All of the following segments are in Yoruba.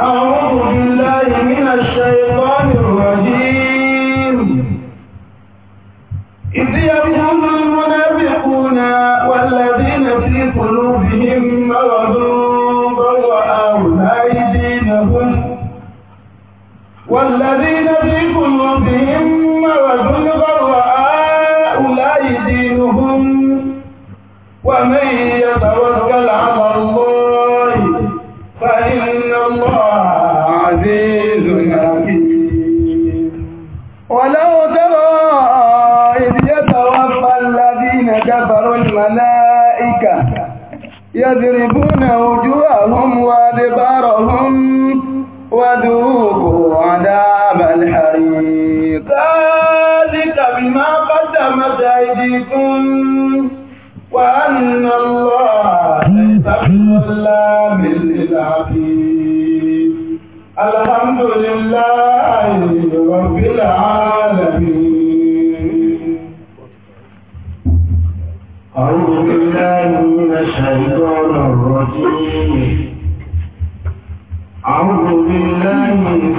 أعوذ بالله من الشيطان الرجيم إذ يرجم المنافقون والذين في قلوبهم مرض ضوء أولئك دينهم والذين في قلوبهم مرض يضربون وجوههم وادبارهم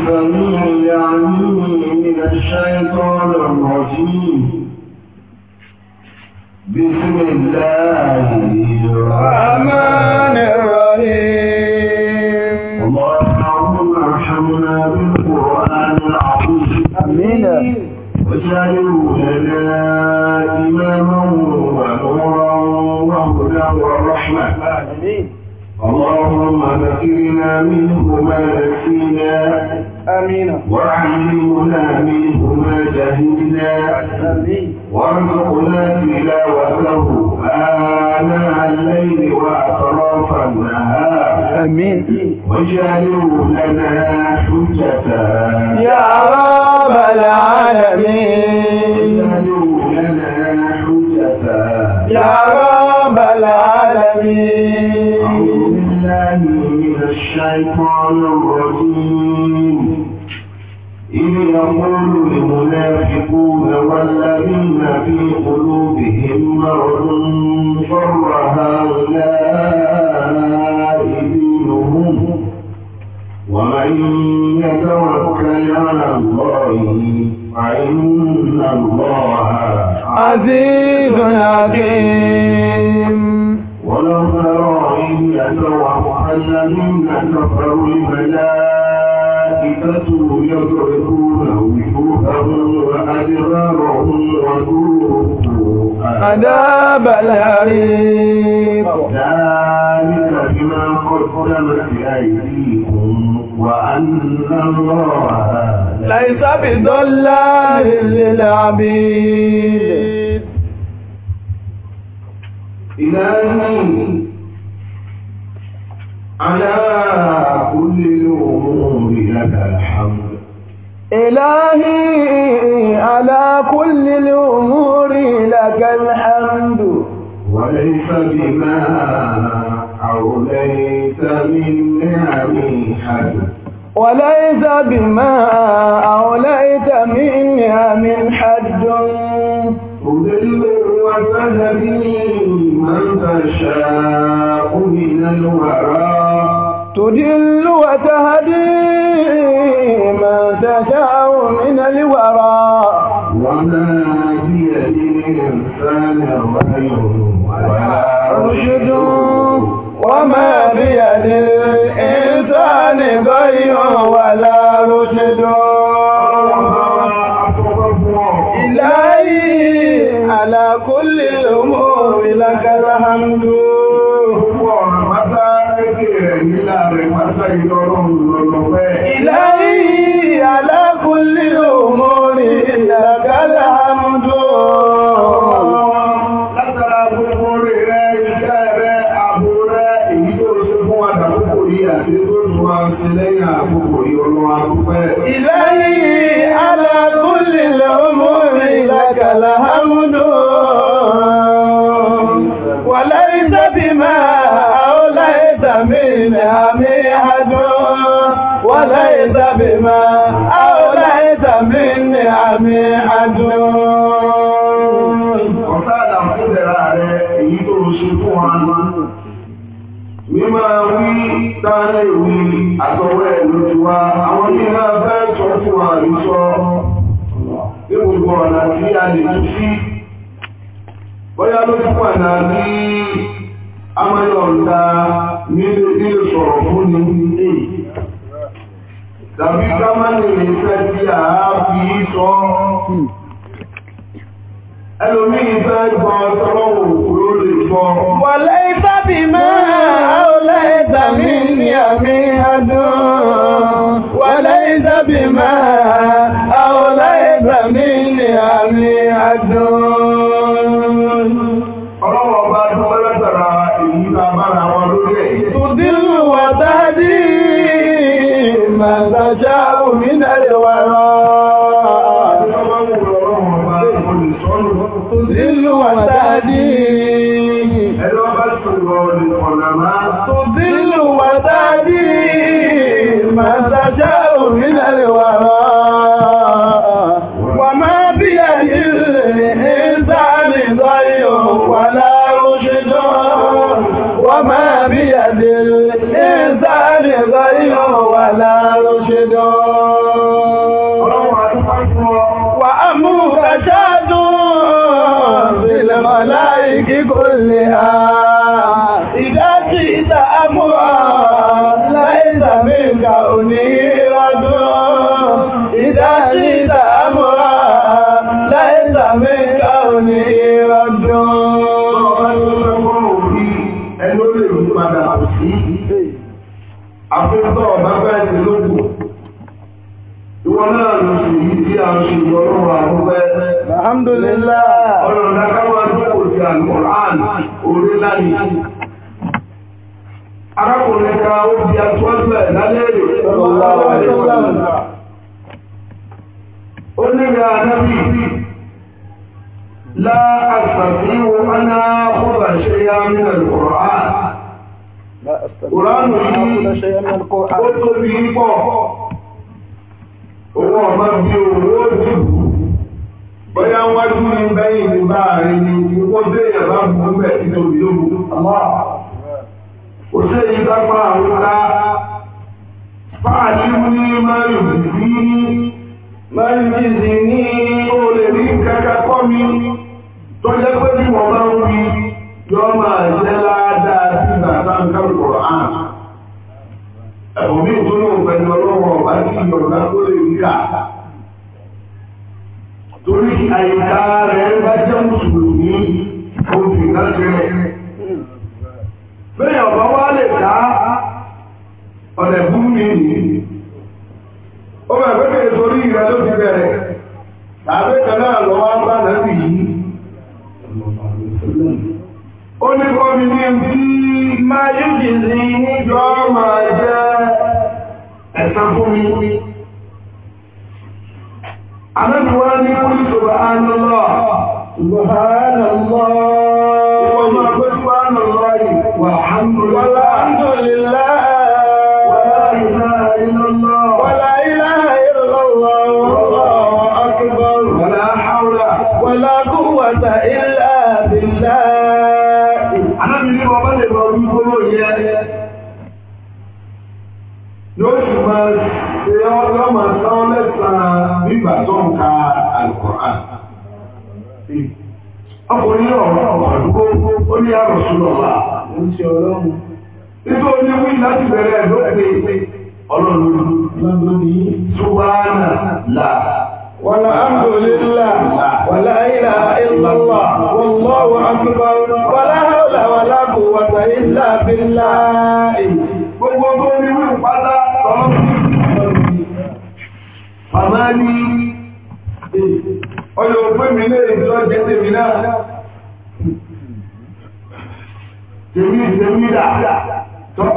السميع العليم من الشيطان الرجيم بسم الله الرحمن الرحيم اللهم ارحمنا بالقرآن العظيم أمين لنا إماما ونورا وهدى ورحمة آمين اللهم ذكرنا منه ما نسينا آمين وعلمنا منهما جهلنا وارزقنا تلاوته آناء الليل وأطراف النهار آمين واجعله لنا حجة يا رب العالمين واجعله لنا حجة يا رب العالمين أعوذ بالله من الشيطان الرجيم إذ يقول المنافقون والذين في قلوبهم مرض شر هؤلاء دينهم ومن يتوكل على الله فإن الله عزيز حكيم ولو ترى إذ يتوكل الذين كفروا الملائكة الملائكة يضربون وجوههم وأدبارهم وذوقوا عذاب الحريق ذلك بما قدمت أيديكم وأن الله ليس بظلام للعبيد إلهي على كل الأمور لك الحمد إلهي على كل الأمور لك الحمد وليس بما أوليت من نعم حد وليس بما أوليت من نعم حد تضل وتهدي من تشاء من الورى تدل وتهدي من تشاء من الورى وما بيد الإنسان غير ولا رشد وما بيد ìlọ́rọ̀ lọ́lọ́fẹ́ أو ليس من نعمي حدود وفعلا فإذا رأي يدور شكوها mímọ wí táàrí ìwé àtọwọ́ ẹ̀ ló àwọn yíra fẹ́ sọ fún wa rí sọ ní gbogbo ọ̀nà tí a lè tún sí bóyá ló ọ̀nà fún tàbí ká má lè lè fẹ́ tí a fi sọ ẹlòmí ìfẹ́ gbọ́ tọ́lọ́wọ̀ òkúrò lè gbọ́ wọlé ìfẹ́ bí máa ó lẹ́ ìtàmí ní àmì ọdún كلها إذا جئت أمرا ليس منك أنيرة إذا جئت أمرا ليس منك أنيرة Afẹ́fẹ́ ọ̀bá bẹ́ẹ̀ ti lókùn. Ìwọ́n náà lọ sí ìdí àwọn ìgbọ̀nà àwọn ọgbẹ́. Alhamdulillah. Ọlọ́run dákàwọ́ òdí àlùmọ̀rán orí láyé arákùnrin ká ó di atúwọ́fẹ̀ lálẹ́ rẹ̀ ó nílẹ̀ anábì láàṣàfihàn ọ̀nà ọ̀bà ṣe yá nínú àlùmọ̀rán Kùránù yìí ó tóbi pọ̀, owó ọmọ bí owó òjò bóyá wájú ní bẹ́yìn ní báàrin ní ìwó déyàn bá mú bẹ̀ nínú ìlú kò sí èyí dápá àrúdá fáàlì ní márùn sí sí ní ó lè kẹ́kẹ́ kọ́ mi tó jẹ́ pé bí wọ́n bá ń máa jẹ́ ládàá sí bàtà ń ẹ̀bùn mi pẹ̀lú ọlọ́wọ́ ọ̀bá sí lè rí torí àìká rẹ̀ bá jẹ́ mùsùlùmí obìnrin sílẹ̀. Bẹ́ẹ̀ ọ̀bá wá lè dá ọ̀nà mi Ó bẹ̀rẹ̀ pé kèrè torí ìrẹ́ ló fi bẹ̀rẹ̀. Tàbí kan náà lọ wá bá lẹ́rù yìí. Ó ní kọ́ mi ní bí máa yóò jì ìjọ máa jẹ́ ẹ̀sán fún mi. Àlọ́dúnwá ní kúrú subhanallah. Subhanallah. Ìwọ̀n máa gbé ìgbà tó ń ka Al-Qur'an ọkùnrin ọ̀rọ̀ àdúgbò ó ní àrọ̀ súnlọ́wà nítorí wí láti bẹ̀rẹ̀ lópin ọlọ́run ṣùgbọ́nà là wàlá àmdòlélà wàlá ilà ìlọ́lá wọ́lọ́wọ́ àkùbá wàlá hàlà wàlá kò wàtà ilà bílá gbogbo tó ní wí pátá ọlọ́run ọlọ òpin mi lè jọ jẹ́ tèmi náà tèmi tèmi dà tọ́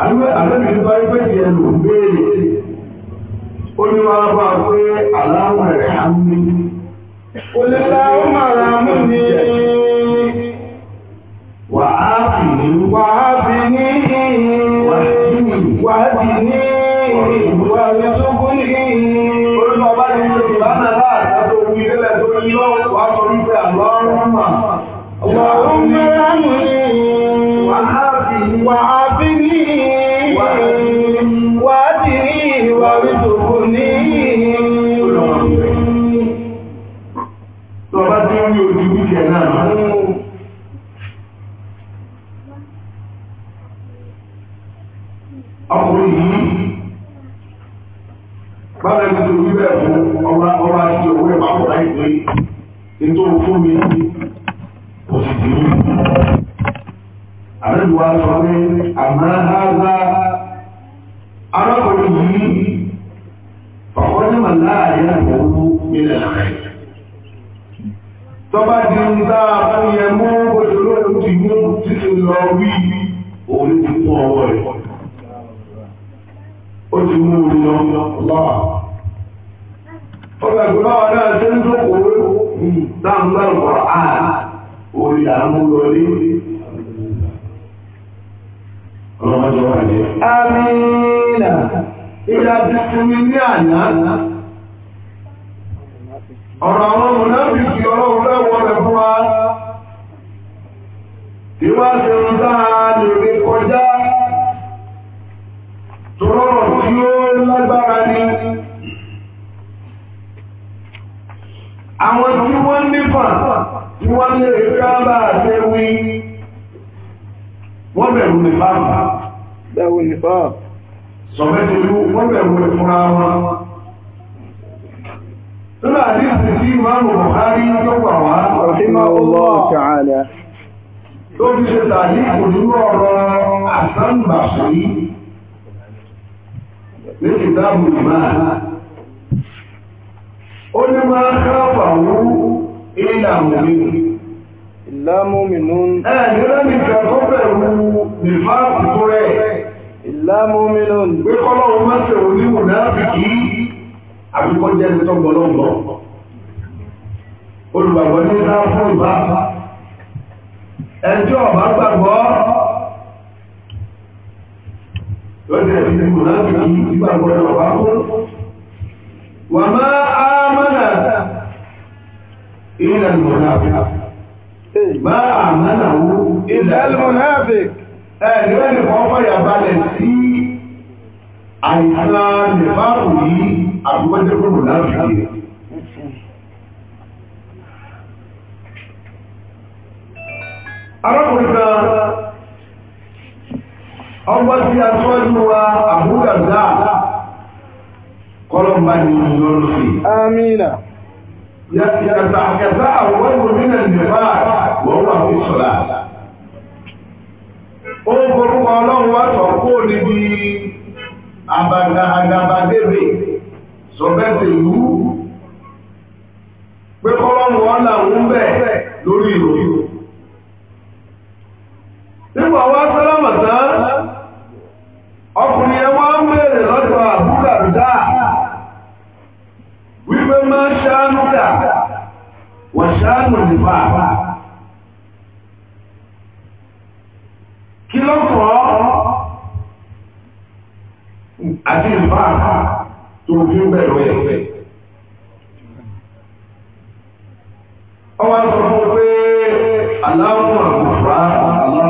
àlọ́bì ní báyìí pé jẹ́ lò béèrè ó ní wọ́n bá pé aláwọ̀ rẹ̀ á mú mi ó lè láwọ́ màrà mú mi wà á fi wà á abana tó fi ṣe tàbí ìpòlú ọ̀rọ̀ àsánbàṣí ní ìdáàbò ìmáà ó ní máa káfàwó ìlàmù mi ìlàmù mi nú ẹ̀ẹ́dẹ́rẹ́ mi kẹ́ tó bẹ̀rù nìfáàkù tó rẹ̀ ìlàmù mi nú pé kọ́lọ́wọ́ mẹ́sẹ̀ oníwò náà fi kí àbíkọ́ jẹ́ ẹni tó gbọ́lọ́gbọ́ olùgbàgbọ́ ní ìlàmù ìbáfà ẹjọ́ ọ̀bá gbàgbọ́ lọ́jọ́ ìdíkù láti ní ìgbàgbọ́ ọ̀bá fún wà máa ámànà ilẹ̀ mọ̀nàfíà máa àmànà wú ilẹ̀ mọ̀nàfíà ẹ̀ẹ́dẹ́gbẹ́ nìkan fọ́yà arákùnrin kan ọgbọ́n tí a tọ́jú wa àbúgbàgbà kọlọ́mbà ni yọ́nù amina yàtà àwọn gómìnà nìfà wọ́n wà fún sọ́lá ó forúkọ ọlọ́run wá sọ kó níbi àgàbàdébè sọ̀bẹ́sẹ̀ ìlú pé kọ́lọ́run làwọn lórí ìròyìn nígbà wá sálámà tán ọkùnrin ẹ wá ń bèèrè lọ́dọ̀ àbúrò àbúdá wípé máa ṣáánú dà wọ́n ṣáánú nípa kí lọ́kọ̀ọ́ àti nípa tó fi ń bẹ̀rù ẹ̀ ọwọ́ sọ fún pé aláwọ̀ àwọn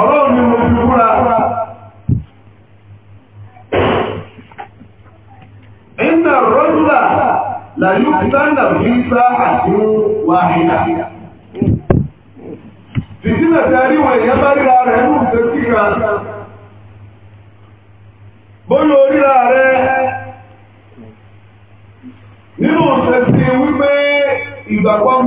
ọlọ́run ni mo fi búra iná rọ́dúlà làyú sáńdà fi sá àtún wáhídà fìtínà tí a rí wọ̀n èèyàn bá ríra rẹ̀ ń rùn sí kan bóyá oríra rẹ̀ nínú òṣèṣì wípé ìgbàgbọ́ ń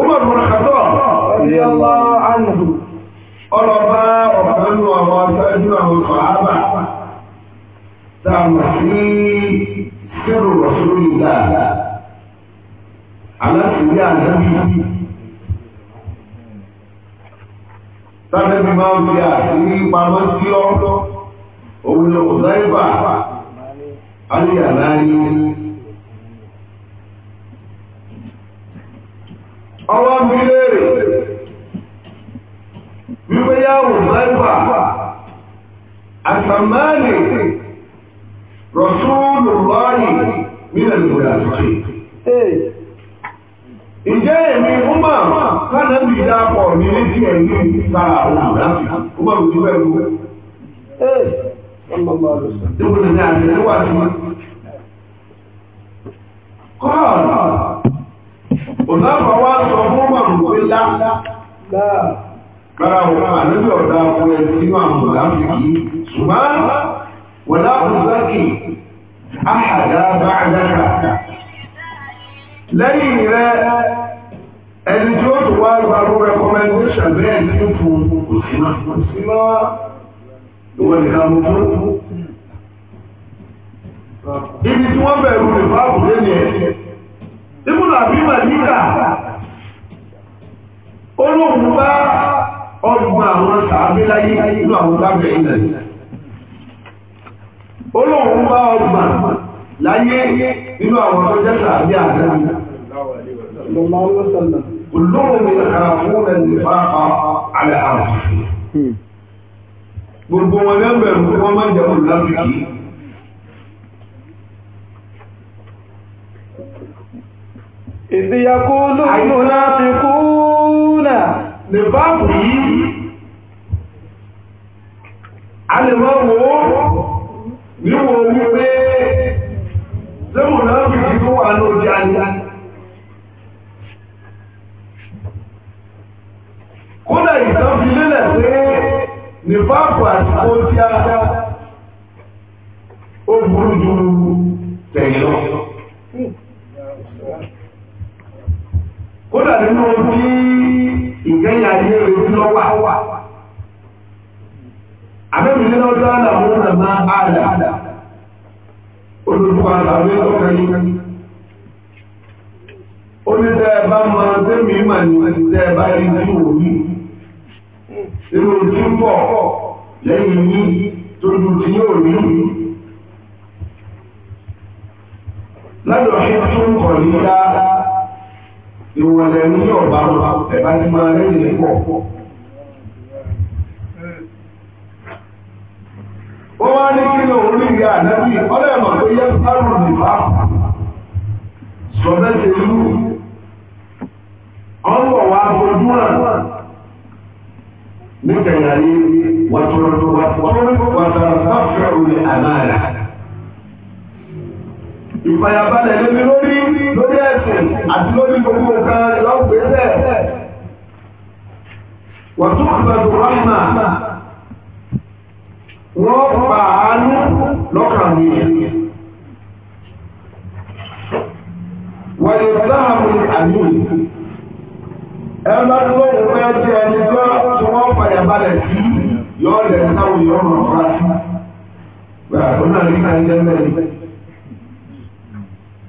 Umar bin Khattab radiyallahu anhu ọlọ́ba ọ̀kanú àwọn aṣáájú àwọn sàhábà tá a mọ̀ sí sẹ́rù Rasulillah aláṣìírí àdájú tàbí máa ń fi àṣírí pamọ́ sí ọ́ òun lọ́wọ́ sáyẹ́bà alẹ́ àlàyé ọwọ́ ń bí léèrè wípé yáwò mẹ́fà àtàmánì rọ̀súùlù lọ́rì nílẹ̀ ìgbòyàtì ìjẹ́ èmi ọmọ kánàbì dápọ̀ ní létí ẹ̀mí sára àwọn àmì ọmọ òjúwẹ̀ ìwẹ̀ Kọ́ọ̀lù òláwà wá sọ fún mọ̀rún pé láàá bára wọn àníbí ọ̀dá ọkùnrin ẹni nínú àwọn ọ̀láfíkì ṣùgbọ́n wọ́n láàrùn sákì áhàdá bá àdáka lẹ́yìn rẹ ẹni tí ó tó wá gbàrú rẹkọmẹndéṣà bẹ́ẹ̀ nínú fún òsínà òsínà ìwọ̀n ibi tí wọ́n bẹ̀rù rẹ̀ fáwọn lẹ́yìn ẹ̀ Ibùdó àbímọ̀ níkà, olóògùn bá ọdún àwọn sàábé láyé inú àwọn lábẹ̀ ilẹ̀. Olóògùn bá ọgbà láyé inú àwọn ọjọ́ sàábé àdáyé. Olóògùn mi àràfún rẹ̀ nípa àlẹ́ àrùn. Hmm. Gbogbo wọn lẹ́gbẹ̀rún ìdí yakúlù munafiquna lè bá bù yìí a lè mọ́ wò ó níwò wípé sẹ́mù náà fi jí fún wa ní ojú kódà ìtàn fi lélẹ̀ pé ní báàpù àti kó tí a ó burú ju tẹ̀yìn lọ. kódà nínú tí ìgbẹ́yà yé ojú lọ́wà wà àbẹ́bìnrin lọ́dọ́ àlàmú nàmá àlà olùkọ́ àlàmú ọkàn yìí ó ní tẹ́ẹ̀bá ma tẹ́mì mà ní tẹ́ẹ̀bá rí tí ò inú tí ń bọ̀ lẹ́yìn yìí tó dùn tí yóò rí ṣe tún kọ̀ ní dáadáa ìwọ̀lẹ̀ ní ọ̀bá ẹ̀bá ti máa rẹ̀ ní pọ̀. ó wá ní kí ló ń rí ìyá ọlẹ́mọ̀ tó yẹ sáré nìbá sọ̀bẹ́sẹ̀ ìlú ọ̀rọ̀ wa fojú hàn nígbẹ̀yà yìí wàtúrọ̀tọ̀ wàtúrọ̀tọ̀ wàtàrà sáfẹ́ ìfàyàbalẹ̀ lórí lórí lórí ẹ̀sìn àti lórí gbogbo nǹkan lọ́gbẹ̀ẹ́sẹ̀ wọ́n tún àgbàdo rọ́mà wọ́n pa àánú lọ́kàn wọ́n yóò dáhàmù àmì ẹgbẹ́ tó lóun fẹ́ jẹ́ ẹni wọ́n fàyàbalẹ̀ sí sáwọn nípa ẹgbẹ́ mẹ́rin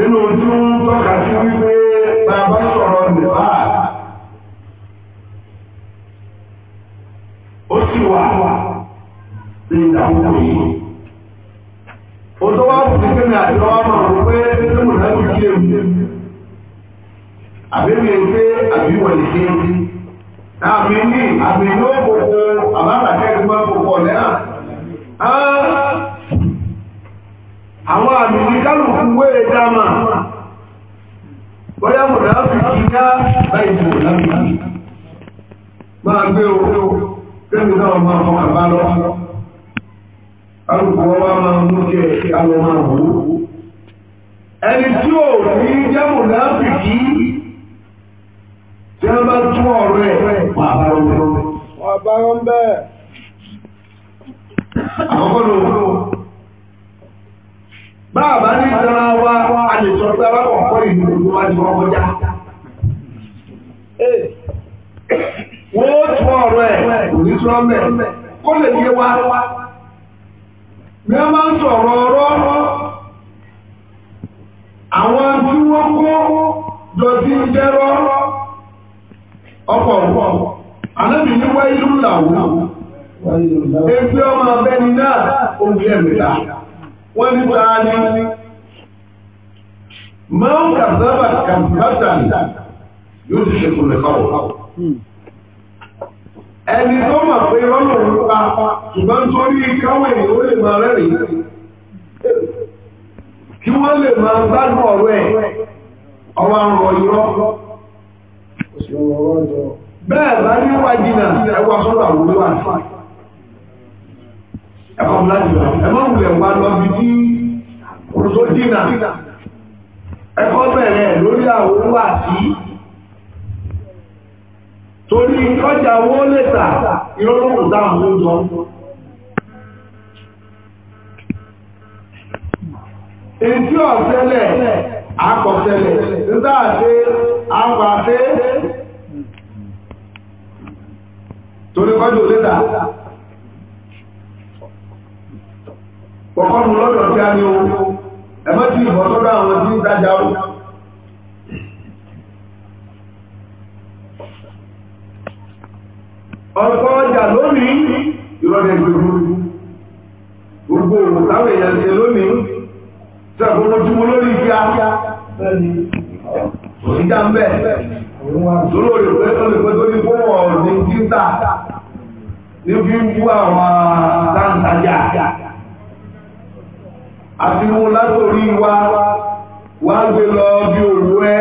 nínú tí ó ń tọ́ka sí wípé bàbá sọ̀rọ̀ nìbá ó sì wà ní ìdàmúkú yìí ó tó wá fún pípé àjọ ọmọ ọ̀rọ̀ pé lóòrùn náà kí èmi àbẹ́mi pé àbí wọlé kéèké àmì ní àmì ní ó kòkó àbálàkẹ́ ìgbà kòkó àbùkù kálùkù wéè bọ́yá mọ̀ fi kí ká báyìí máa gbé owó tẹ́lú náà máa mọ́ àbá lọ kálùkù wọ́n máa mú máa wò ẹni tí ní jẹ́ mọ̀ fi kí tí bá tún ọ̀rọ̀ ẹ̀ pàbá Àwọn báàbá ní ìtara wa a lè sọ pé ìlú wa wọ́n kọjá wọ́n ó tún ọ̀rọ̀ ẹ̀ kò ní trọ́mẹ̀ kó lè yé wa bí wọ́n máa ń sọ̀rọ̀ ọ̀rọ̀ àwọn tí wọ́n kó jọ sí ọkọ̀ ọ̀pọ̀ ní wáyé wọ́n ní bá ní máa ń kàzábà kàbátà yóò ti ṣe kò lè kọ́wọ́ hmm. ẹni tó mà pé rọ́nà òwúpa ṣùgbọ́n tó rí káwọn èèyàn ó lè máa rẹ́rìn kí wọ́n lè máa gbádùn ọ̀rọ̀ ẹ̀ ọwọ́ àrùn ọ̀yọ́ bẹ́ẹ̀ bá ní wájìnà ẹwà sọ́dọ̀ àwòrán àfáà ẹ̀fọ́n láti lọ ẹ̀fọ́n wulẹ̀ wá lọ bí tí kòtò dínà ẹ̀fọ́ bẹ̀rẹ̀ lórí àwọn owó àti torí ọjà owó lẹ́tà ìrọ́lọ́pù dáhùn ló jọ èdí ọ̀tẹ́lẹ̀ akọ̀tẹ́lẹ̀ nígbà àti àpàtẹ́ torí ọjọ́ lẹ́tà kọ̀kọ́ nu lọ́dọ̀ tí a ní o ẹ̀mọ́ tí ìbọn lọ́dọ̀ àwọn tí ń dájà o. ọ̀pọ̀ ọjà lónìí ìrọ̀lẹ́ gbogbo gbogbo òwò táwọn èèyàn ṣe lónìí tí a gbogbo jùmọ̀ lórí ìfẹ́ àfíà ìjà fi ń bú àwọn táǹtajà àti mú látòrí wa wá gbé lọ bí òru ẹ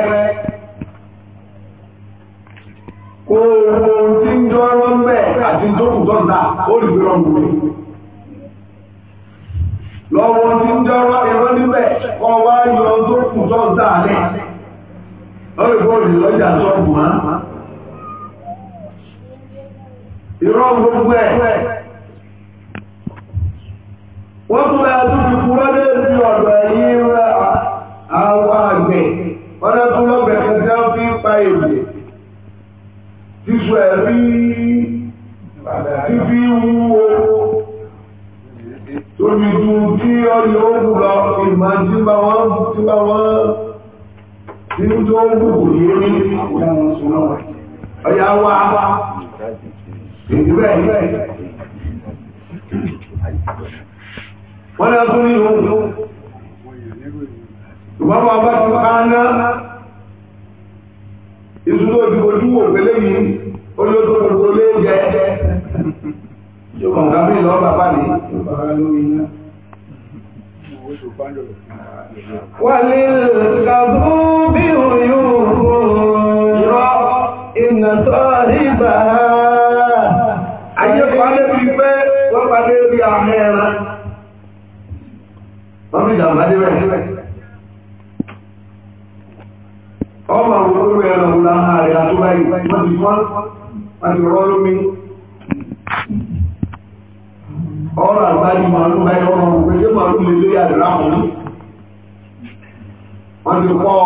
kó owó tí ń dọ́rọ́ mẹ́ àti tó kù dọ́ńdà ó lè gbé lọ́mù rẹ̀ lọ́wọ́ tí ń dọ́rọ́ ẹ̀rọ níbẹ̀ kọ́ wá yọ tó kù dọ́ńdà rẹ̀ lọ́rẹ̀kọ́ ìlọ́jà sọ́ọ̀bù máa irọ́ gbogbo ẹ̀ wọ́n tún lọ tún fi kúrọ́ dé sí ọ̀dọ̀ ẹ̀yìn àwọn àgbẹ̀ wọ́n lọ tún lọ́gbẹ̀ kẹta fi ń pa èdè sísọ ẹ̀rí fífi wúwo tóbi ju tí ọyọ òkú lọ ìmọ̀ tí bá wọ́n tí bá wọ́n tí ń tó òkú kò yé ní ọ̀yà wa ìdíbẹ̀ ìbẹ̀ wọ́n náà tún nínú ìwọ́n máa bá tún ká ná yìí ó ní lé jẹ yóò kàn mí lọ bàbá mi. wàlẹ́ ìkàbú bí ayé kan lè fi pé wọ́n padà rí àmì wọ́n fi jàmbá dé bẹ́ẹ̀. ọmọ àwọn olóògbé ẹ̀rọ ńlá ààrẹ àtúbá yìí wọ́n ti fọ́n wọ́n ti rọ́ lómi. ọ̀rọ̀ àgbáyé màálù báyìí ọmọ òkú ṣé màálù mi lórí àdúrà wọn. wọ́n ti kọ́ ọ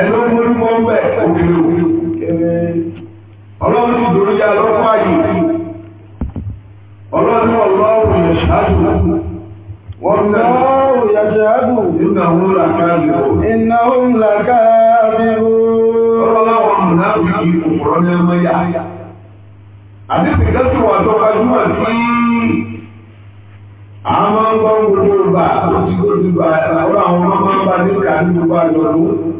ẹni ó mú orúkọ ń bẹ òkèlè òkèlè ọlọ́run ti dòrò yá lọ́kọ́ ààyè ọlọ́run ọlọ́run yẹ ṣáájú wọ́n ń bẹ̀rẹ̀ ọlọ́run yẹ ṣáájú nínú àwọn làkàbíò iná òun làkàbíò ọlọ́run múná òkè òkòrò ní ẹmọ yá àti ìpínlẹ̀ tó wà tó gbajúmọ̀ sí àwọn ọmọ gbogbo gbà tó ti gbogbo àwọn ọmọ máa ń bá nígbà ní gbogbo àjọ̀dún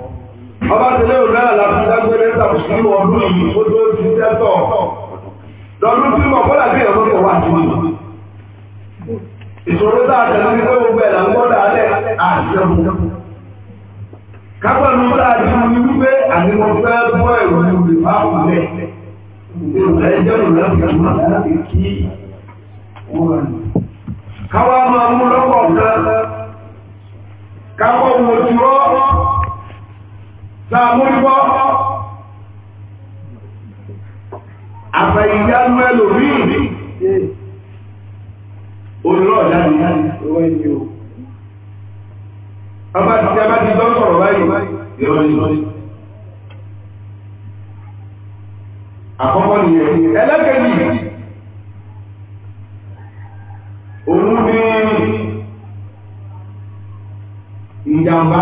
ọba tẹlẹ òun náà láti dágbére sàmùsùn ọdún yìí ó tó ti tẹ́tọ̀ lọ́dún tí mo kọ́lá bí ẹ̀rọ mọ́tò wà sí ìṣòro tá a tẹ̀lé ní pé gbogbo ń gbọ́dọ̀ alẹ́ àṣẹwò tá a ti ní wípé àti mo fẹ́ bọ́ ẹ̀rọ ní lẹ̀ òun láti kí wọ́n káwá máa mú káwọ́ mo ti rọ́ sàmúgbọ́ àfẹ̀yìyánú ẹlòmíì olùrọ̀ ọ̀dáni owó ẹni o ọba ti ẹbá ti tọ́ sọ̀rọ̀ báyìí ìrọ̀lẹ́ àkọ́kọ́ nìyẹn ẹlẹ́kẹ̀ẹ́jì òun ní ìjàmbá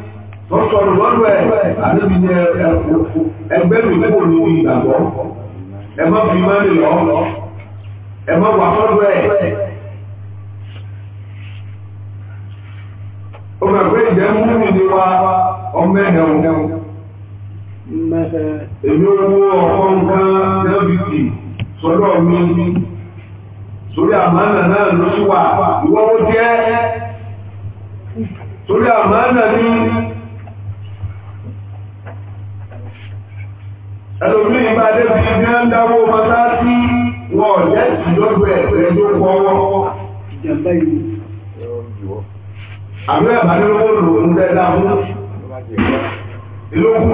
wọ́n sọ ọ̀rọ̀ lọ́dọ̀ ní ẹgbẹ́ mi kúrò bí ìgbàgbọ́ ẹ má fi má lè lọ ẹ má wà sọ́dọ̀ ẹ̀. ó gbà pé mú mi ní wa ọmọ èmi nǹkan mi sórí àmàlà náà ló sì wà ìwọ́wọ́ jẹ́ sórí àmàlà ẹlòmí ìgbà débi ibi ń dáwó mọ́tá sí wọn ọ̀jẹ́ sí lọ́dọ̀ ẹ̀fẹ́ tó pọ̀ wọ́n. àmì ẹ̀bà nínú wọn lò ń tẹ́ dáa mú ìlókù.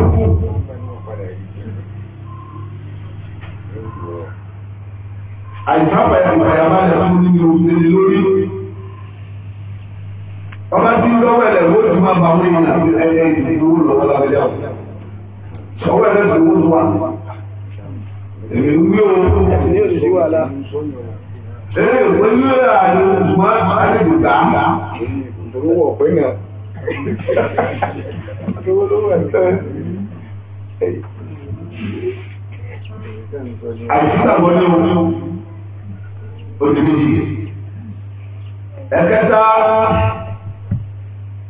àyíká pàyàpàyà máa ń fún ní orílẹ̀ lórí. ọba tí ń lọ́wọ́ ẹ̀lẹ́wọ́ ti máa bá wọn ní ìlànà ẹ̀yẹ ìdílé owó lọ́wọ́ lábẹ́lẹ́ àwọn sọwọ́ ẹ̀rẹ́ pẹ̀lú wọn wà èmi wí o ní òṣìṣẹ́ wà lá ẹ̀rẹ́ ìwé ní ọ̀rẹ́ àjò ìgbà àjò gbà á ìdúró ọ̀pẹ́ náà ìdúró lọ́wọ́ ẹ̀ àìsíta wọlé owó òdì méjì ẹ̀kẹta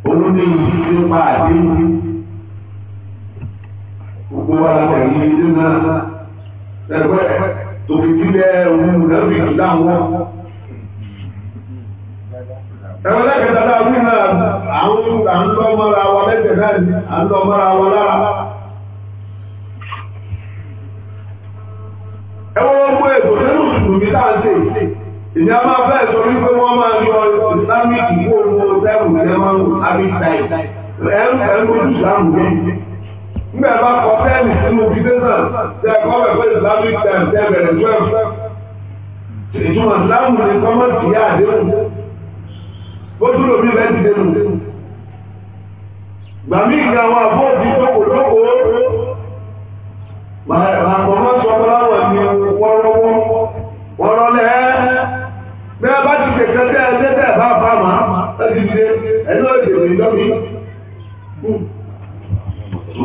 òun ní ìdílé pa àdéhùn gbogbo àwọn ẹ̀yìn ilé náà ẹgbẹ́ tòfin jílẹ̀ ohun lẹ́bí ìdáwọn ẹwọ́n lẹ́kẹ̀ẹ́ta náà wí náà àwọn àńlọ́mọ́ra wa lẹ́kẹ̀ẹ́ náà ní àńlọ́mọ́ra wa lára ẹwọ́n ọmọ ètò nínú ìsùnmí láàáṣẹ́ ìní a máa fẹ́ sọ wípé wọ́n máa yọ islamic ìwò owó tẹ́rù ẹ̀mọ́ àbíta ẹ̀rù ẹ̀rù ìsìlámù bẹ́ẹ̀ nígbà bá kọ tẹ́ẹ̀nì sínú bíbélàn tẹ́ ẹ̀kọ́ bẹ̀rẹ̀ islamic time tẹ́ bẹ̀rẹ̀ twelve ìtumọ̀ ìsìlámù ní kọ́mọ̀tì yá àdéhùn ó dúró bí bẹ́ẹ̀ ti dénú. gbàmí ìgbà wọn àbọ̀ òbí tókòtókò máa kọ́ mọ́ sọ́kọ́lá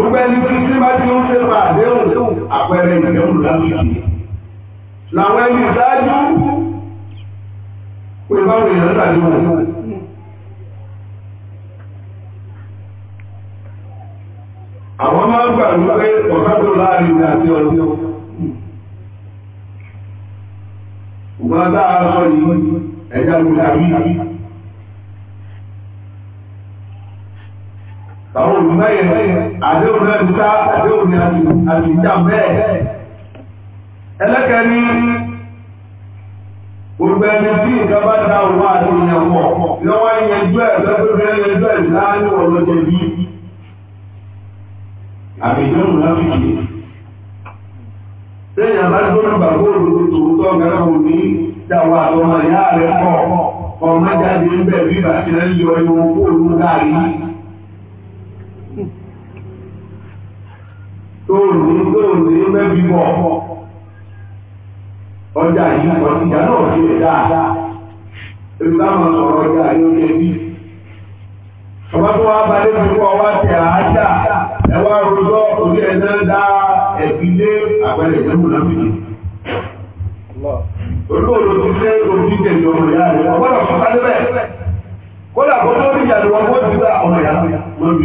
olùgbẹ́ni tó ní bá tí ó ń tẹ́lẹ̀ máa léhùn léhùn àpẹẹrẹ ìdẹ̀hùn lásìkò làwọn ẹni ìdájú pé báwọn èèyàn tàbí wọn àwọn máa ń gbà wípé ọ̀gá tó láàrin ní àti ọdún ọgbọ́n tá a sọ yìí ẹ̀dá ló dàbí àwọn olùmẹ́yẹ àdéhùn náà ń ta àdéhùn ní àtìjà bẹ́ẹ̀ ẹlẹ́kẹ̀ẹ́ni olùgbẹ́ni tí nǹkan bá dá òun àti ìyẹn pọ̀ yọ wá yẹjú ẹ̀ lọ́gbẹ́gbẹ́ yẹjú ẹ̀ láàánú ọlọ́jọ́ bí àbẹ̀jọ́nù náà fi kì í sẹ́yìn àbájọ́nù bàbá òdodo tòótọ́ gẹ́gẹ́ wò ní dáwọ́ àtọmọ ìyá rẹ̀ pọ̀ ọmọ jáde ń bẹ̀ bí yọ ẹ̀wọ̀n kó olú tó ní tó ní mẹ́bí bọ̀ ọjà yìí ọjà náà ṣe é dáadáa ebi táwọn sọ̀rọ̀ ọjà yóò ṣe bí. ọba balẹ̀ fún wá tẹ̀ àájà ẹ wá orí ẹ̀ náà dá ẹ̀bí lé ìjẹ́mú náà fi olóòlò ti fẹ́ ojú tẹ̀lé ọmọ ìyá rẹ̀ wọ́n gbọ́dọ̀ sọ́kálẹ́ kódà kó tó rí ìyàlú wọn wọ́n ti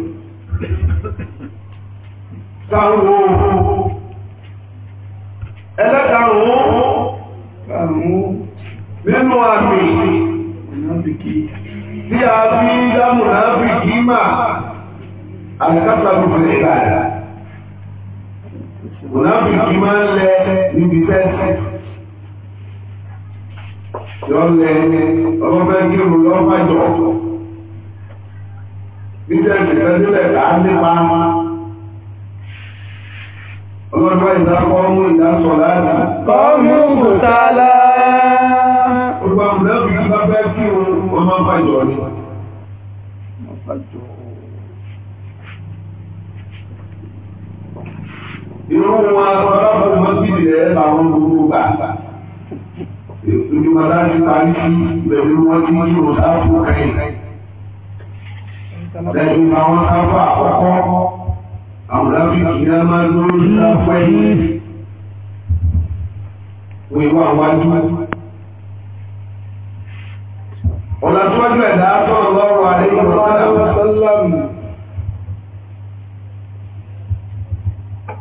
sáwọ́ ohun ẹlẹ́kàrún nínú àmì tí a fi dámù láàbìkì máa àkásàbù fún ìgbàdà láàbìkì máa ń lẹ níbi tẹ́sẹ̀ yọ́ lẹ ọmọbẹ́ gírù lọ́pàá jọ Bí jẹ́ ìgbẹ̀lẹ́lẹ̀ láàrín pa máa Ọlọ́run ìdá kọ́mú ìdá sọ̀lá àdá. Kọ́mú kùtàlá. Olúwa mùlẹ́bí bá fẹ́ kí wọ́n máa bá ìjọ ni. Irú wọn ọlọ́pàá mọ́ sí ìdílé àwọn gbogbo gbà. Ìjọba láti parí pẹ̀lú wọn tí wọ́n yóò sáfù kẹ́yìn. Lẹ́yìn àwọn sáfù àkọ́kọ́ àwọn lábìkì náà máa lóró nílá fún ẹ̀yìn òun ìwà wájú ọ̀nà tó wájú ẹ̀dá tó ọlọ́rọ̀ àríwá sálàmù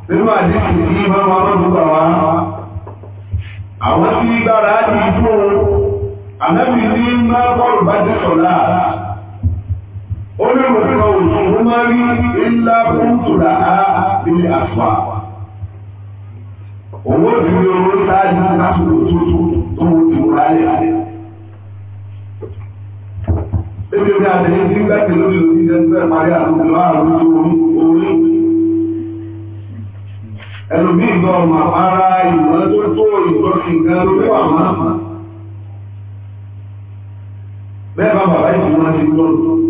nínú àdíkì tí máa wá lọ́dún bà wá àwọn tí gbára á di fún un àmẹ́bí bá ti sọ̀lá olùrọ̀sọ̀ òṣùn máa rí ńlá fún tùlà á ilé àfà owó tí ó ń sáájú lásìkò tuntun tó ń tù ráyè rẹ̀ ebi ní àtẹ̀yẹ tí gbẹ́kẹ̀ bẹ́ẹ̀ bá bàbá ìfúnná ti gbọ́dọ̀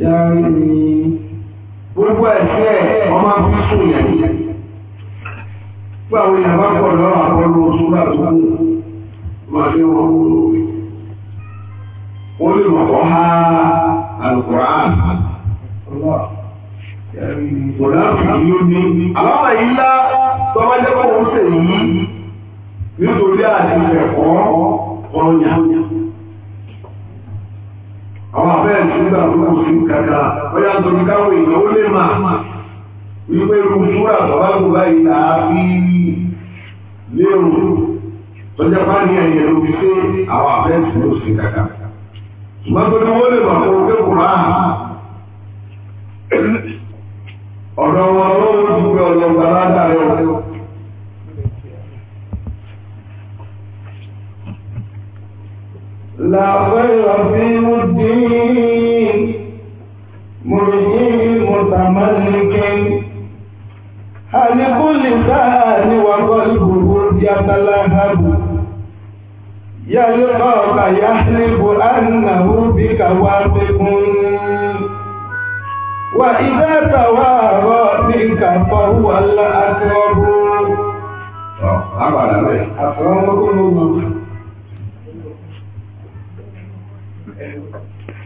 gbogbo ẹ̀sìn ẹ̀ wọ́n máa fi sùn yẹn ní gbogbo àwọn èèyàn bá pọ̀ lọ́rọ̀ àbọ̀lù oṣù bá tó kù máa fi wọn wò ló wí wọ́n lè mọ̀ kọ́ ha alukùrán kòdà àwọn ọ̀rọ̀ àwọn abẹ́rẹ́ ìṣúgbà àkókò sí kàkà bóyá nítorí káwọn ìnáwó lè mà wípé irú súrà bàbáàbò báyìí là á fi léèrò tọ́jà pàdé ẹ̀yẹ ló fi ṣe àwọn abẹ́rẹ́ ìṣúgbà sí kàkà. ṣùgbọ́n tó ní wọ́n lè mà fún kékùrá ọ̀dọ̀ wọn lọ́wọ́ dúpẹ́ ọlọ́gbà ládàá rẹ̀ لا خير في الدين مرجي متملك هل كل ثان وقلبه يتلهب يلقاك يحلف أنه بك واثق وإذا توارى بك فهو الأقرب. أقرب. أقرب.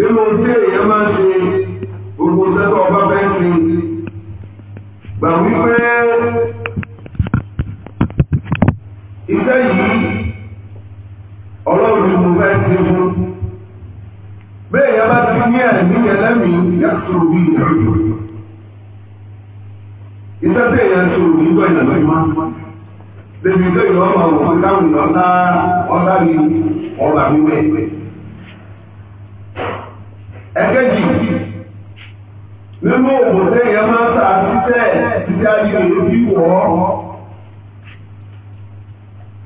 nínú tí èèyàn máa ń ṣe gbogbo sẹ́kọ̀ ọba fẹ́ ṣe gbà wípé iṣẹ́ yìí ọlọ́run mo fẹ́ ṣe fún bẹ́ẹ̀ yẹn bá ti ní ẹ̀mí ẹlẹ́mìí yàtúrò bí ìrìnàjò iṣẹ́ tí èèyàn ṣe òbí gbọ́ ìlànà ìmọ̀ lẹ́yìn tó ìlú ọmọ òfin káwọn ọ̀la ọ̀la ni ọ̀la mi wẹ̀ ẹ̀kẹ́jì nínú òwò tẹ́yẹ máa ta títẹ́ títí ayé èébí wọ́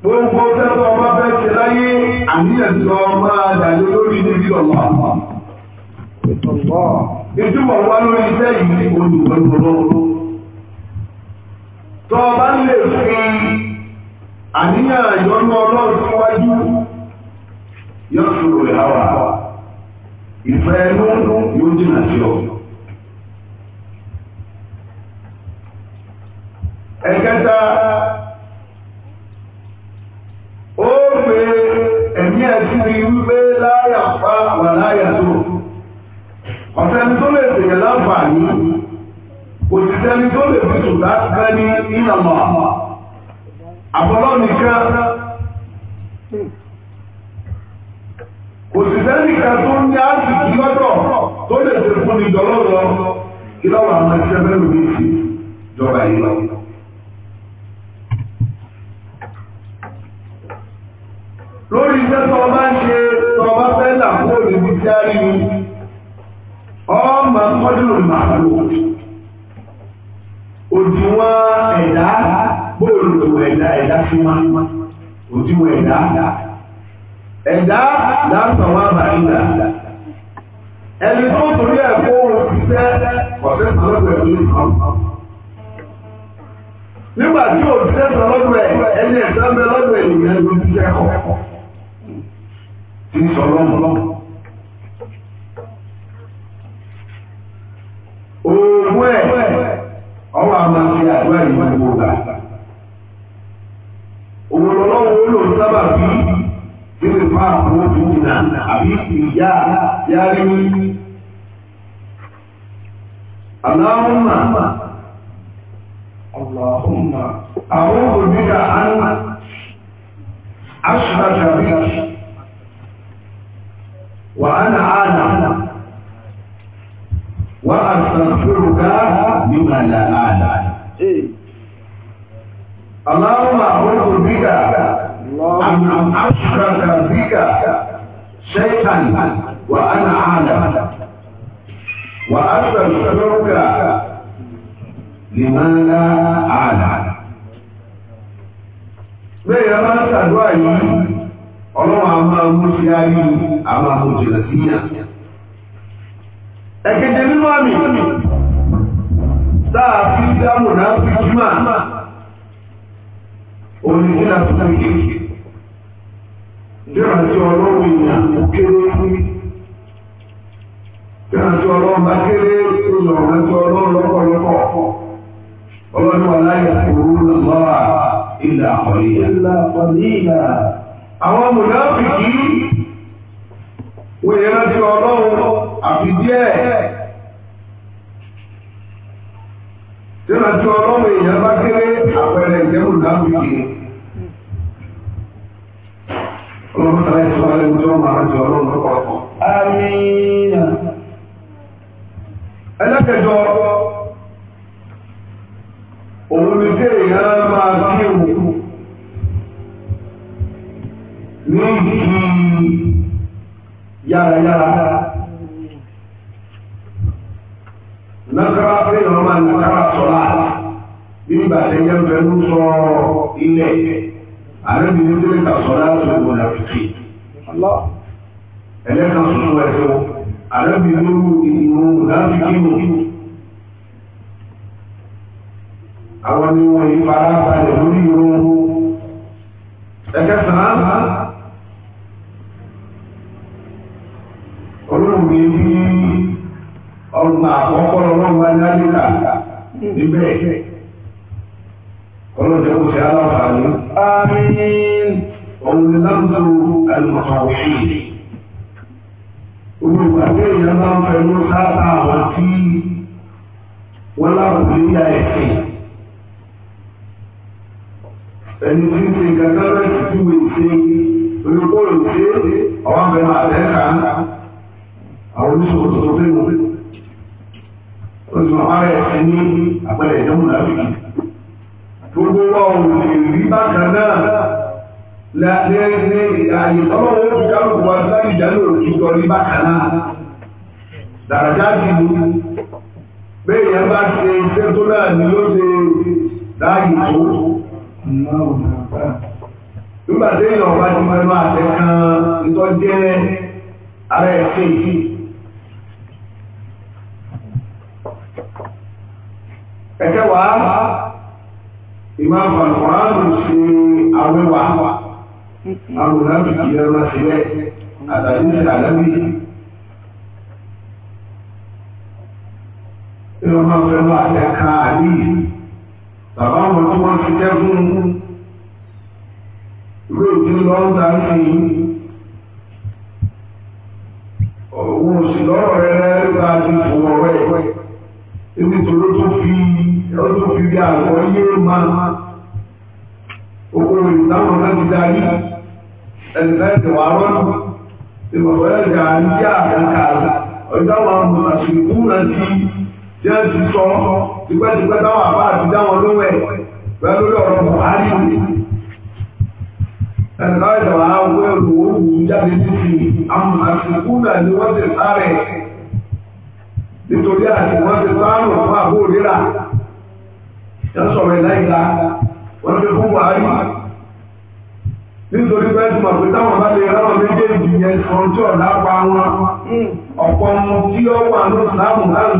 gbogbo tẹ́tọ́ ọmọ fẹ́ ṣe láyé àníyàn máa dàgbé lórí níbi ọ̀la ìtumọ̀ wá lórí iṣẹ́ yìí olùgbòlòlò tọ́ bá lè fi àníyàn yọ́nú ọlọ́run síwájú yọ́sùn rẹ̀ ìfẹ́ ẹnu yóò jìnà sí ọ. ẹ̀kẹta ó gbé ẹ̀mí ẹ̀sìn rí wípé láyà pa wà láyà tó ọ̀sẹ̀ni tó lè tèèyàn láǹfààní òṣìṣẹ́ni tó lè fi tùtà fẹ́ ní ìlànà àbọ̀lọ́ nìkan òṣìṣẹ́ nìkan tó ń ní àṣìṣe lọ́dọ̀ tó lè ṣe fún ni dọ́lọ́dọ̀ kí lọ́wọ́ àwọn ẹṣẹ́ mẹ́rin ní ti jọba yìí lọ. lórí iṣẹ́ tó o bá ń ṣe tó o bá fẹ́ là kó lè fi ṣe àríwí ọmọ ọdún màálù òdiwọ̀n ẹ̀dá bóòlù ẹ̀dá ẹ̀dá fún wa òdiwọ̀n ẹ̀dá ẹ̀dá láàpọ̀ wá bá ìlà ẹni tó torí ẹ̀kọ́ òṣìṣẹ́ ọ̀fẹ́ sọlọ́dọ̀ ẹ̀ ló sọ. nígbà tí òṣìṣẹ́ sọlọ́dọ̀ ẹ̀ ẹni ẹ̀dá bẹ lọ́dọ̀ ẹ̀ nìyẹn ló ti jẹ́ kọ̀ kí sọlọ́mọlọ́mọ. àbí ìyá yárí aláhùnmà aláhùnmà àwọn òbíkà ánà aṣíkàṣà bí wà ánà ánà wà àṣàfihùká yóò àlà ánà aláhùnmà àwọn òbíkà ánà aṣíkàṣà bí شيخا وأنا أعلم وأستغفرك لما لا أعلم bẹ́ẹ̀ yẹn máa ń ṣàdúrà yìí ọlọ́run a máa mú sí ayé a máa mú jìnà sí yà ẹ̀kẹ́jẹ́ nínú àmì táà fi dámù náà fi jímà onígbìnà fún ìkéèké Ìrántí ọlọ́run èèyàn kò kéré fún mi. Ìrántí ọlọ́run bá kéré ìlọ ìrántí ọlọ́run lọ́pọ̀lọpọ̀. Ọlọ́run wà láyé òru lọ́wọ́ ìlà àkọlíyà. Ìlà àkọlíyà. Àwọn mùnáfìkì wọ́n ìrántí ọlọ́run Ẹlẹ́kẹjọ, òun ni tí èèyàn máa kí òkú ní ìkí yárayára. Nákàrá pé ọmọ nákàrá sọ́lá, bí ìgbà tẹ́yẹ́ ń fẹ́ ń sọ ilẹ̀ àrẹ́bí ní tó lẹ́ta sọ́lá tó gbọ́nà fìkì ẹlẹ́ta sọ́sọ́ ẹ̀tọ́ àrẹ́bí ní ó ìrùn láti kínú àwọn ni wọ́n yí fara balẹ̀ lórí ìrùn ẹ̀kẹ́sàn olóògbé bí ọgbà àkọ́kọ́ ọlọ́run wáyé níbẹ̀ ọlọ́jọ́ kò ṣe aláfààní àmín gbogbo wa ò lè rí bákan náà láti ẹni àyè tọ́lọ́ owó fi kálukú wa sáyé ìdálò òkú jọ rí bákan náà dàrájá ti lu bẹ́ẹ̀ yẹn bá ṣe iṣẹ́ tó náà ni ló ṣe láàyè tó nígbà tí èèyàn bá ti mẹ́nu àtẹ kan nítọ́ ara ẹ̀sẹ̀ yìí ẹ̀kẹ́ wàá ìmáàmù àkùránù ṣe awẹ́wà amúnáfìkì lẹ́nu sílẹ̀ àtàlí ìsàlẹ́bí. Ẹ̀rọ máa fẹ́ lọ àtẹ̀ka bàbá wọn tí wọ́n ìwé òjò rẹ̀ bá a ti tó fi. lọ́dún fi bí àwọn yé máa owó ìdáwọn láti darí ẹ̀lẹ́sẹ̀ wà rọ́nù ìwọ̀fẹ́lẹ́jà ń jẹ́ àkàkà ọ̀dáwọn mọ̀sàṣìkú náà ti jẹ́ ti sọ tipẹ́tipẹ́ táwọn àbá àti dáwọn lówẹ̀ pẹ̀lú ọ̀rọ̀ Buhari ẹ̀lẹ́sẹ̀ wà wọ́n ẹ̀rù owó jáde títì amọ̀sàṣìkú náà ni wọ́n ti sáré nítorí àti wọ́n ti sáré fún àbúrò sọ̀rọ̀ ìlà ìlà ọ fi fún nítorí pé táwọn bá lè méjèèjì yẹn tí pa wọn hmm. ọ̀pọ̀ tí ó wà ní báwọn ń náà àwọn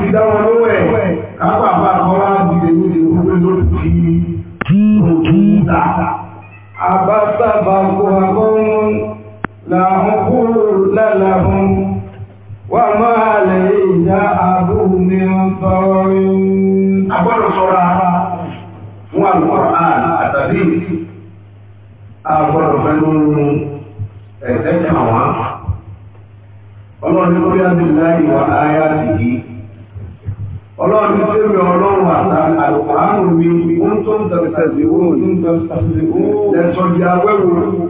ti dá wọn lówó ẹ̀ kápá àbá sábà kó لا عقول لهم وما عليه أبو من طعم أقول صراحة والقرآن التدريس أقول فنون الدعوة ọlọ́run lórí abdullahi wa aya tìyí ọlọ́run tí mi ọlọ́run àtàrí àlùkò àrùn mi ó ń tó ń tẹ̀sẹ̀ sí òun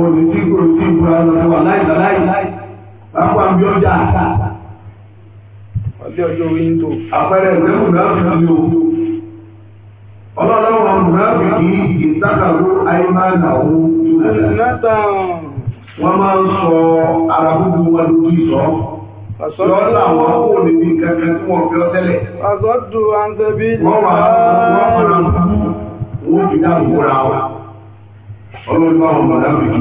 òdìdí òdìdí ìbúra lọ́dọ̀ wà láìláì lápá bí ọjà ọjọ́ ọjọ́ wíńdò àpẹẹrẹ ìrẹ́mù náà fi hàn ọlọ́lọ́wọ́ mùrábì kì í ìtàkàrú àìmáàlà òun wọ́n máa ń sọ ara wọn lójú sọ kò lè kankan tí wọ́n fi ọ wọ́n wà wọ́n fi ọlọ́run bá wọn ṣe o.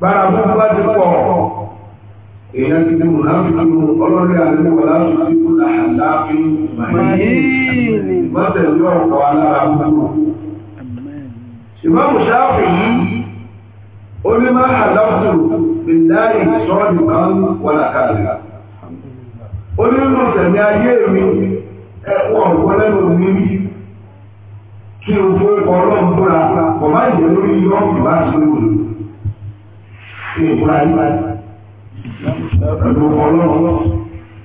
bára bá ti pọ̀ èèyàn ti di mùnáfíkì ọlọ́rẹ́ àdúgbò láti fi kú làhàlá fi màyíìnì má ndị ọ̀pọ̀ alára gbogbo. ìmáàmù kan ayé mi fọ ọlọ́run búra kò má jẹ́ lórí yọ́ọ̀kì bá ṣe òòlù ṣe ìbúra yíba ẹ̀dùn ọlọ́run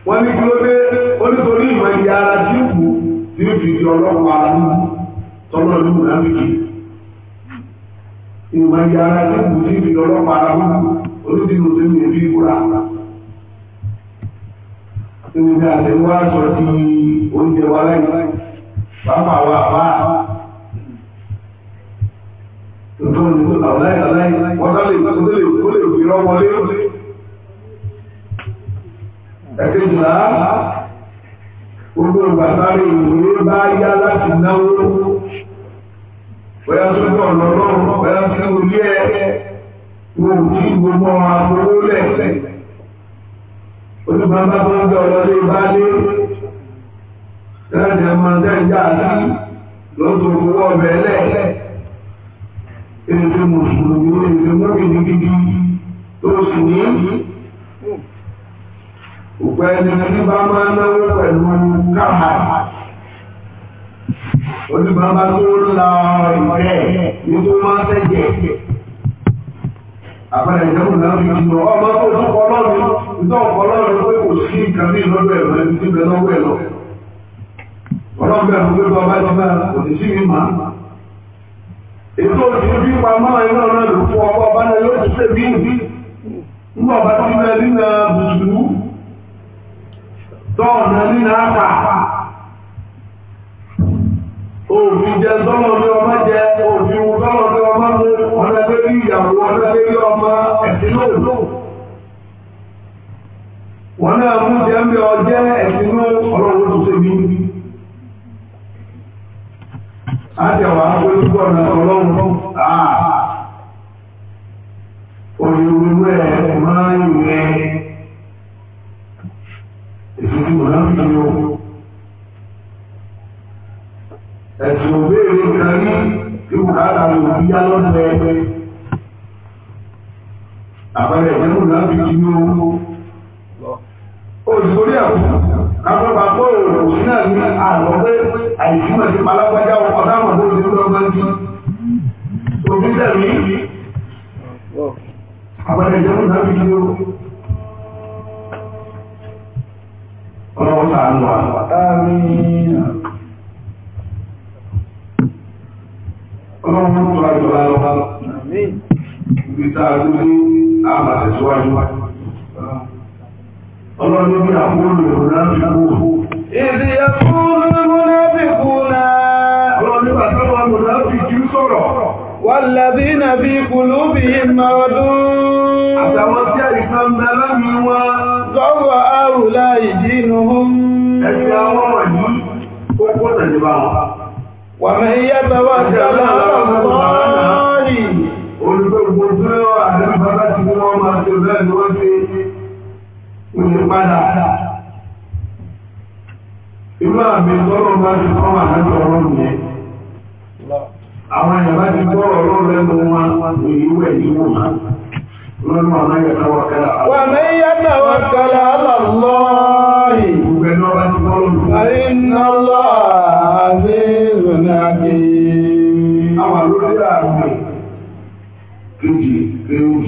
wọ́n ní kí ló dé onítorí ìmọ̀ ìyá ara tí ó kù tí ó fi di ọlọ́run ara nínú tọ́lọ́ ní mùnàmìkì ìmọ̀ ìyá ara tí ó kù tí ó fi di ọlọ́run ara nínú olùdíjọ tó ní ẹbí ìbúra ìrìnàjò wa sọ di oúnjẹ wa láyé bàbá wa bá a tó ń tó àláì àláì wọ́n sá lè tó lè kó lè fi rọ́ wọlé ẹ̀kẹ́jìlá gbogbo ìgbàsáré ìwé bá yá láti náwó bóyá sójú ọ̀nà ọlọ́run bóyá sí orí ẹ̀ wọ́n ò tí gbogbo àgbòrò lẹ̀ onígbàgbà tó ń bẹ ọlọ́dẹ èdè mùsùlùmí èdè mọ́kìnrin gidi tó sì ní òpẹ́ ẹni tí bá máa náwó pẹ̀lú káà olùbàbá tó ń la ìfẹ́ ní tó máa tẹ́jẹ̀ àpẹẹrẹ ìjọba náà fi jùlọ ọmọ tó tún kọ lọ́rùn ìtọ́ ọ̀pọ̀ lọ́rùn pé kò sí nǹkan ní ìlọ́dọ̀ ẹ̀rọ ẹni tí bẹ lọ́wọ́ ẹ̀ lọ ọlọ́gbẹ̀rún pé bọ́ bá ti bá kò ní sí mi máa ètò òsì ojú ipa iná náà fún ọba náà ti ṣe nígbà tí ilẹ̀ nínú eh, bùsùlù tọ́ọ̀nà nínú àpà òfin jẹ tọ́lọ̀ ní ọmọ jẹ òfin wù ọmọ mú ọ̀nà pé bí ìyàwó ọ̀nà pé bí ọmọ ẹ̀sìn wọn náà mú ń ẹ̀sìn ti ní wọ́n máa ṣe bẹ́ẹ̀ ni wọ́n ṣe ìrìn padà. Ìlú àmì lọ́rọ̀ bá ti kọ́ wà láti ọ̀rọ̀ nìyẹn. Àwọn èèyàn ti gbọ́ ọ̀rọ̀ lẹ́nu wọn èyí wẹ̀ ní wò máa. Lọ́nà àwọn ẹ̀yà náà wọ̀kẹ́lá. Wà mẹ́yà náà wọ̀kẹ́lá lọ́lọ́ọ̀rì. Ìgbẹ́ náà bá ti gbọ́ lọ́nà. Àrínà lọ́ọ̀ àzíz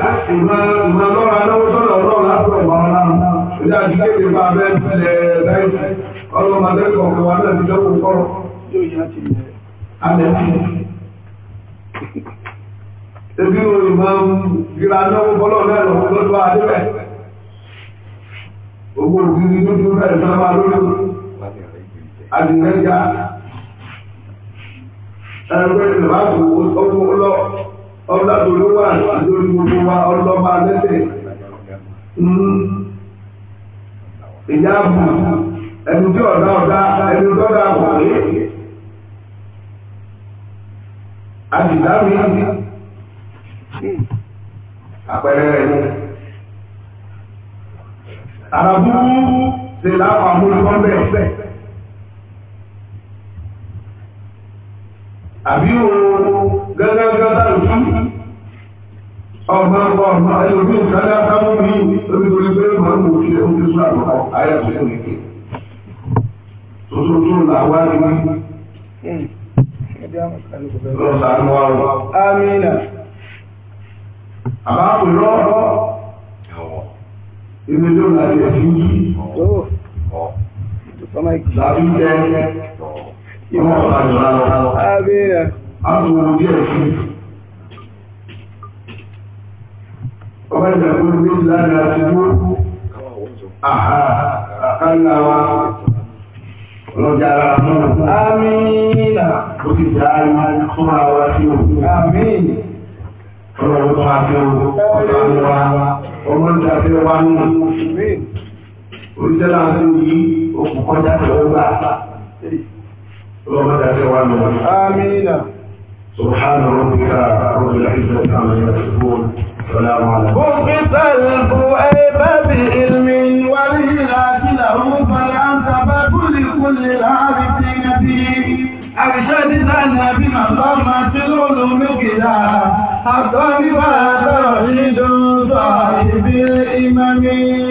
pé ìmọ̀ lọ́ra lọ́wọ́ sọ́dọ̀ ọlọ́run látọ̀ ọ̀gbọ̀n ọ̀la ilé àdúgbò ti bá abẹ́ ìpìlẹ̀ bẹ́ẹ̀ ọlọ́run abẹ́ kọ̀ọ̀kan wà lẹ́nu tó kù kọ́rọ̀. Ebi wo ìmọ̀ ìgbìlá náwó bọ́lọ̀ náà lọ́wọ́ lọ́dọ̀ adébẹ̀. Owó ògiri dúdú bẹ̀rẹ̀ sábà lórí. Adìrẹ́jà. Ẹgbẹ́ ìlú bá kò owó lọ ọlọ́dúnrún wà lórí gbogbo wa ọlọ́mọ alẹ́sẹ̀ hmm. ìyá àbù ẹni tí ọ̀dá ọ̀dá ẹni tọ́dá àwòrán àdìdáwì àpẹẹrẹ rẹ̀ ni àràbù ṣe láwọn amúlùmọ́ bẹ́ẹ̀ àbí òun gẹ́gẹ́gẹ́ tàbí ọmọ ọmọ ẹlòmí ìkádá táwọn ní orítorí pé máa mú ṣe oúnjẹ sọ àwọn ayàtọ̀ ẹ̀kẹ́ tuntun làwá ní lọ́sàn-án wà wọ́n. amina àbáwò lọ́rọ̀ ibi tó láti ẹ̀sìn yìí láti jẹ́ ìwọ̀n àjọ àlọ́. amina àbùwò díẹ̀ sí ọba ìjàgbó ní ìlànà àti mú àkàlà wa ọlọ́jà ara mọ́ àmìnà ó sì já àmì fún àwa sí òkú àmìn ọlọ́run tó wá sí òkú ọlọ́run wa ọmọ ìjàgbé wa nù oríṣẹ́lá ń yí òkú kọjá tẹ̀wọ́ gbà ọlọ́run ìjàgbé wa nù. àmìnà. سبحان ربك رب العزة عما يصفون سلام على بغض الفؤاد بعلم ولله له فلعنتب كل كل العابدين فيه أرشد لنا بمقامة العلوم كلا أقام وتوحيد صاحب الإمامين